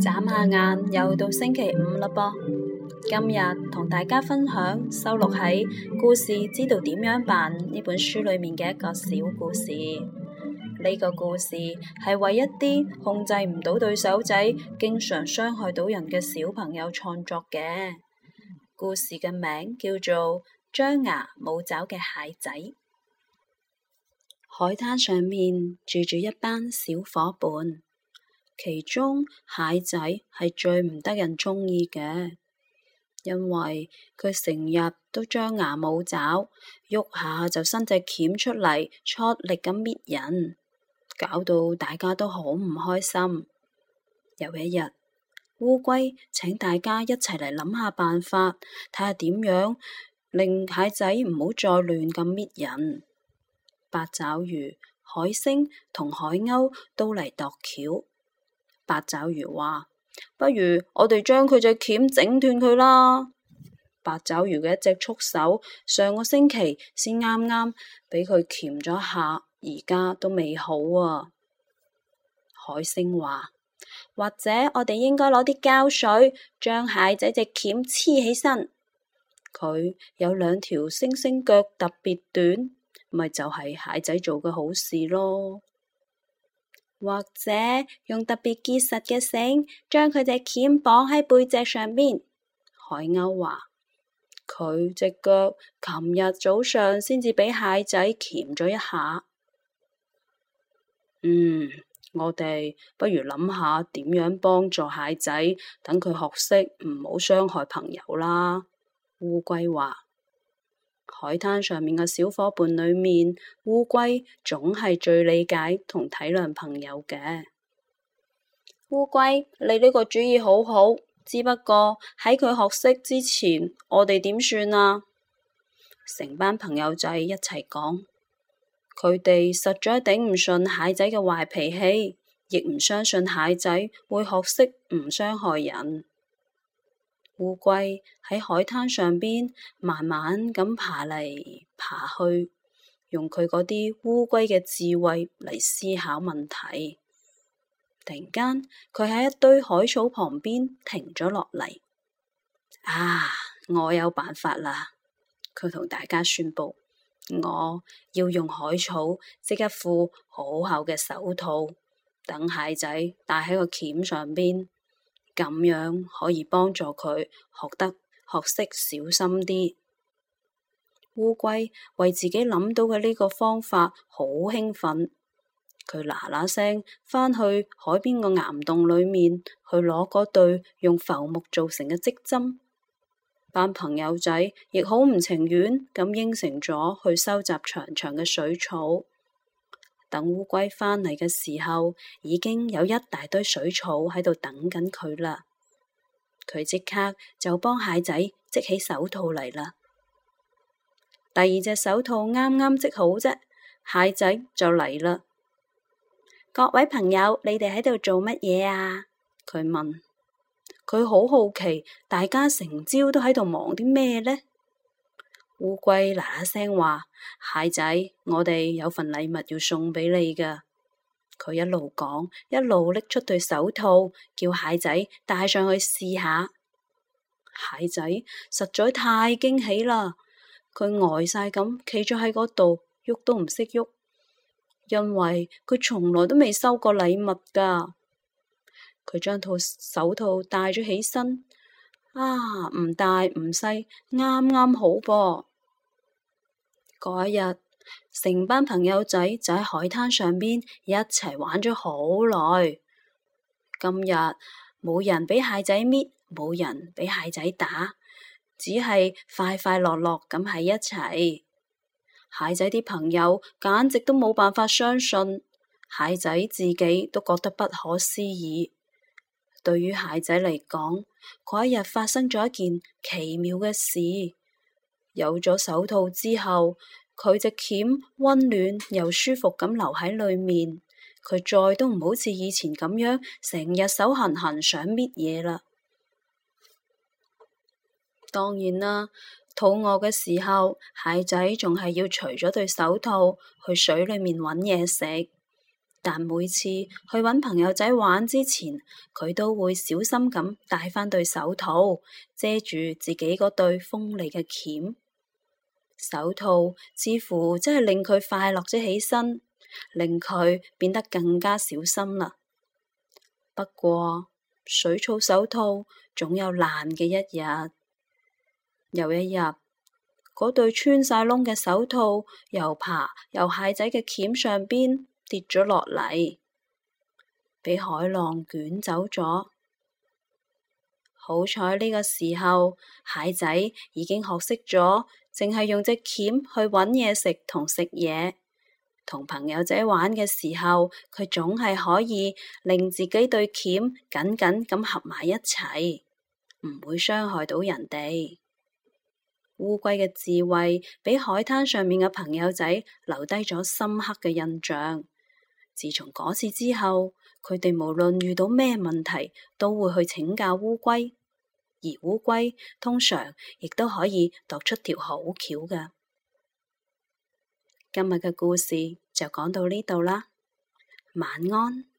眨下眼，又到星期五啦！噃，今日同大家分享收錄喺《故事知道點樣辦》呢本書裏面嘅一個小故事。呢、這個故事係為一啲控制唔到對手仔，經常傷害到人嘅小朋友創作嘅。故事嘅名叫做《張牙舞爪嘅蟹仔》。海灘上面住住一班小伙伴。其中蟹仔係最唔得人中意嘅，因為佢成日都張牙舞爪，喐下就伸隻鉗出嚟，出力咁搣人，搞到大家都好唔開心。有一日，烏龜請大家一齊嚟諗下辦法，睇下點樣令蟹仔唔好再亂咁搣人。八爪魚、海星同海鷗都嚟度橋。八爪魚話：不如我哋將佢隻鉗整斷佢啦。八爪魚嘅一隻觸手上個星期先啱啱俾佢鉗咗下，而家都未好啊。海星話：或者我哋應該攞啲膠水將蟹仔隻鉗黐起身。佢有兩條星星腳特別短，咪就係蟹仔做嘅好事咯。或者用特別結實嘅繩將佢隻鉗綁喺背脊上邊。海鷗話：佢隻腳琴日早上先至俾蟹仔鉗咗一下。嗯，我哋不如諗下點樣幫助蟹仔，等佢學識唔好傷害朋友啦。烏龜話。海灘上面嘅小伙伴裏面，烏龜總係最理解同體諒朋友嘅。烏龜，你呢個主意好好，只不過喺佢學識之前，我哋點算啊？成班朋友仔一齊講，佢哋實在頂唔順蟹仔嘅壞脾氣，亦唔相信蟹仔會學識唔傷害人。烏龜喺海灘上邊慢慢咁爬嚟爬去，用佢嗰啲烏龜嘅智慧嚟思考問題。突然間，佢喺一堆海草旁邊停咗落嚟。啊，我有辦法啦！佢同大家宣布，我要用海草織一副好厚嘅手套，等蟹仔戴喺個鉗上邊。咁樣可以幫助佢學得學識小心啲。烏龜為自己諗到嘅呢個方法好興奮，佢嗱嗱聲返去海邊個岩洞裏面去攞嗰對用浮木做成嘅織針，班朋友仔亦好唔情願咁應承咗去收集長長嘅水草。等烏龜返嚟嘅時候，已經有一大堆水草喺度等緊佢啦。佢即刻就幫蟹仔織起手套嚟啦。第二隻手套啱啱織好啫，蟹仔就嚟啦。各位朋友，你哋喺度做乜嘢啊？佢問，佢好好奇大家成朝都喺度忙啲咩呢？烏龜嗱嗱聲話：蟹仔，我哋有份禮物要送俾你噶。佢一路講，一路拎出對手套，叫蟹仔戴上去試下。蟹仔實在太驚喜啦！佢呆晒咁企咗喺嗰度，喐都唔識喐，因為佢從來都未收過禮物噶。佢將套手套戴咗起身，啊，唔大唔細，啱啱好噃。嗰一日，成班朋友仔就喺海灘上邊一齊玩咗好耐。今日冇人俾蟹仔搣，冇人俾蟹仔打，只係快快樂樂咁喺一齊。蟹仔啲朋友簡直都冇辦法相信，蟹仔自己都覺得不可思議。對於蟹仔嚟講，嗰一日發生咗一件奇妙嘅事。有咗手套之後，佢隻鉗溫暖又舒服咁留喺裏面。佢再都唔好似以前咁樣，成日手痕痕想搣嘢啦。當然啦，肚餓嘅時候，蟹仔仲係要除咗對手套去水裏面搵嘢食。但每次去搵朋友仔玩之前，佢都會小心咁戴返對手套，遮住自己嗰對鋒利嘅鉗。手套似乎真係令佢快樂咗起身，令佢變得更加小心啦。不過水草手套總有爛嘅一日，有一日，嗰對穿晒窿嘅手套又爬由蟹仔嘅鉗上邊跌咗落嚟，俾海浪捲走咗。好彩呢個時候蟹仔已經學識咗，淨係用隻鉗去搵嘢食同食嘢，同朋友仔玩嘅時候，佢總係可以令自己對鉗緊緊咁合埋一齊，唔會傷害到人哋。烏龜嘅智慧俾海灘上面嘅朋友仔留低咗深刻嘅印象。自從嗰次之後，佢哋無論遇到咩問題，都會去請教烏龜，而烏龜通常亦都可以度出條好橋㗎。今日嘅故事就講到呢度啦，晚安。